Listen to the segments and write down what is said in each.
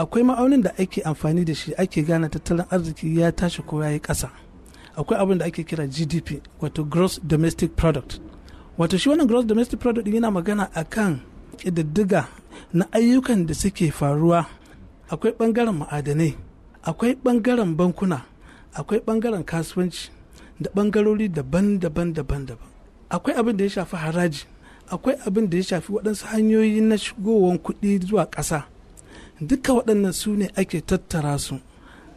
akwai ma'aunin da ake amfani da shi ake gane tattalin arziki ya tashi ko yayi kasa akwai abin da ake kira gdp wato gross domestic product wato shi wannan gross domestic product yana magana akan ƙididdiga na ayyukan da suke faruwa akwai ɓangaren ma'adanai akwai ɓangaren bankuna akwai ɓangaren kasuwanci da ɓangarori daban-daban daban-daban akwai abin da ya shafi haraji akwai abin da ya shafi waɗansu hanyoyi na shigowar kuɗi zuwa ƙasa duka waɗannan su ne ake tattara su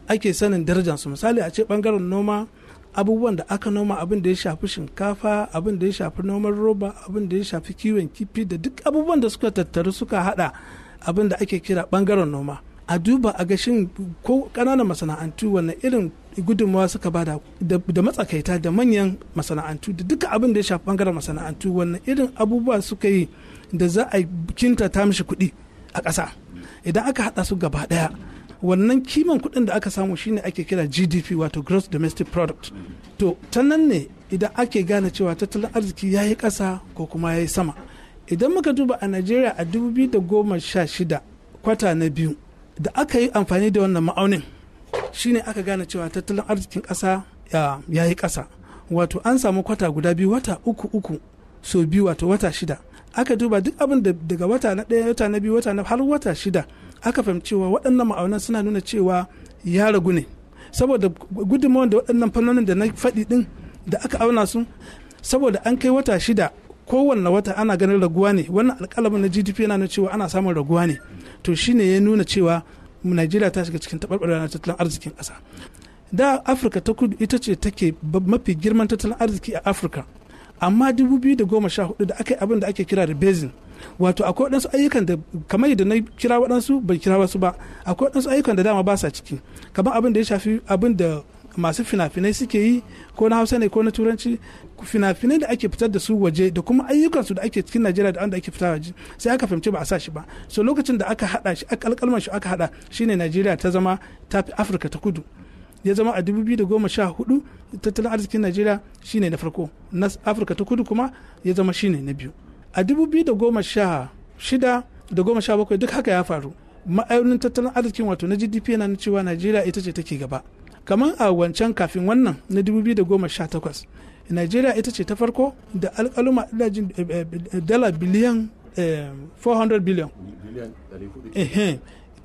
ake sanin su misali a ce ɓangaren noma abubuwan da aka noma abin da ya shafi shinkafa abin da ya shafi noman roba abin da ya shafi kiwon kifi da duk abubuwan da suka tattaru suka hada abin da ake kira ɓangaren noma a duba a ga shin ko ƙananan masana'antu wanne irin gudunmawa suka bada da matsakaita da manyan masana'antu da duka abin da ya shafi ɓangaren masana'antu wanne irin abubuwa suka yi da za a kinta ta mishi kuɗi a ƙasa idan aka hada su gaba daya wannan kiman kuɗin da aka samu shine ake kira gdp wato gross domestic product to ta nan ne idan ake gane cewa tattalin arziki ya yi ƙasa ko kuma ya yi sama idan muka duba a najeriya a 2016 kwata na biyu da aka yi amfani da wannan ma'aunin shine aka gane cewa tattalin arzikin ƙasa ya yi ƙasa wato an samu kwata guda biyu wata uku uku so biyu wato wata shida aka duba duk abin da daga wata na ɗaya wata na biyu wata na har wata shida aka fahimci cewa waɗannan ma'aunan suna nuna cewa ya ragu ne saboda gudunmawar da waɗannan fannonin da na faɗi ɗin da aka auna su saboda an kai wata shida kowanne wata ana ganin raguwa ne wannan alƙalamin na gdp yana nuna cewa ana samun raguwa ne to shine ya nuna cewa najeriya ta shiga cikin taɓarɓarewa na tattalin arzikin ƙasa da afirka ta kudu ita ce take mafi girman tattalin arziki a afirka amma 2014 da aka yi abin da ake kira rebasing wato akwai waɗansu ayyukan da kamar yadda na kira waɗansu bai kira wasu ba akwai waɗansu ayyukan da dama ba sa ciki kamar abin da ya shafi abin da masu fina suke yi ko na hausa ne ko na turanci fina-finai da ake fitar da su waje da kuma ayyukansu da ake cikin najeriya da wanda ake fita waje sai aka fahimci ba a sa shi ba so lokacin da aka hada shi aka alkalman shi aka hada shine najeriya ta zama ta fi afirka ta kudu ya zama a 2014 tattalin arzikin najeriya shine na farko na afirka ta kudu kuma ya zama shine na biyu a 2016 da goma sha bakwai duk haka ya faru ma'aunin tattalin arzikin wato na gdp yana na cewa najeriya ita ce take gaba kamar a wancan kafin wannan na 2018 najeriya ita ce ta farko da alkaluma eh, eh, dala biliyan 400 eh, biliyan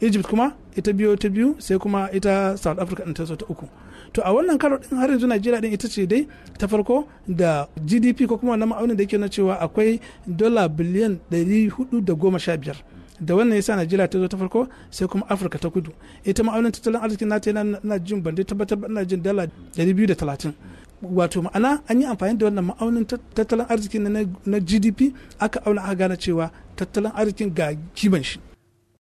egypt kuma ita biyo ta biyu sai kuma ita south africa ɗin ta zo ta uku to a wannan karo din har yanzu nigeria din ita ce dai ta farko da gdp ko kuma wannan ma'aunin da yake na cewa akwai dola biliyan 415 da wannan yasa najeriya ta zo ta farko sai kuma afirka ta kudu ita ma'aunin tattalin arzikin nata yana na jin ban tabbatar ina jin dala 230 wato ma'ana an yi amfani da wannan ma'aunin tattalin arzikin na gdp aka auna aka gane cewa tattalin arzikin ga kiban shi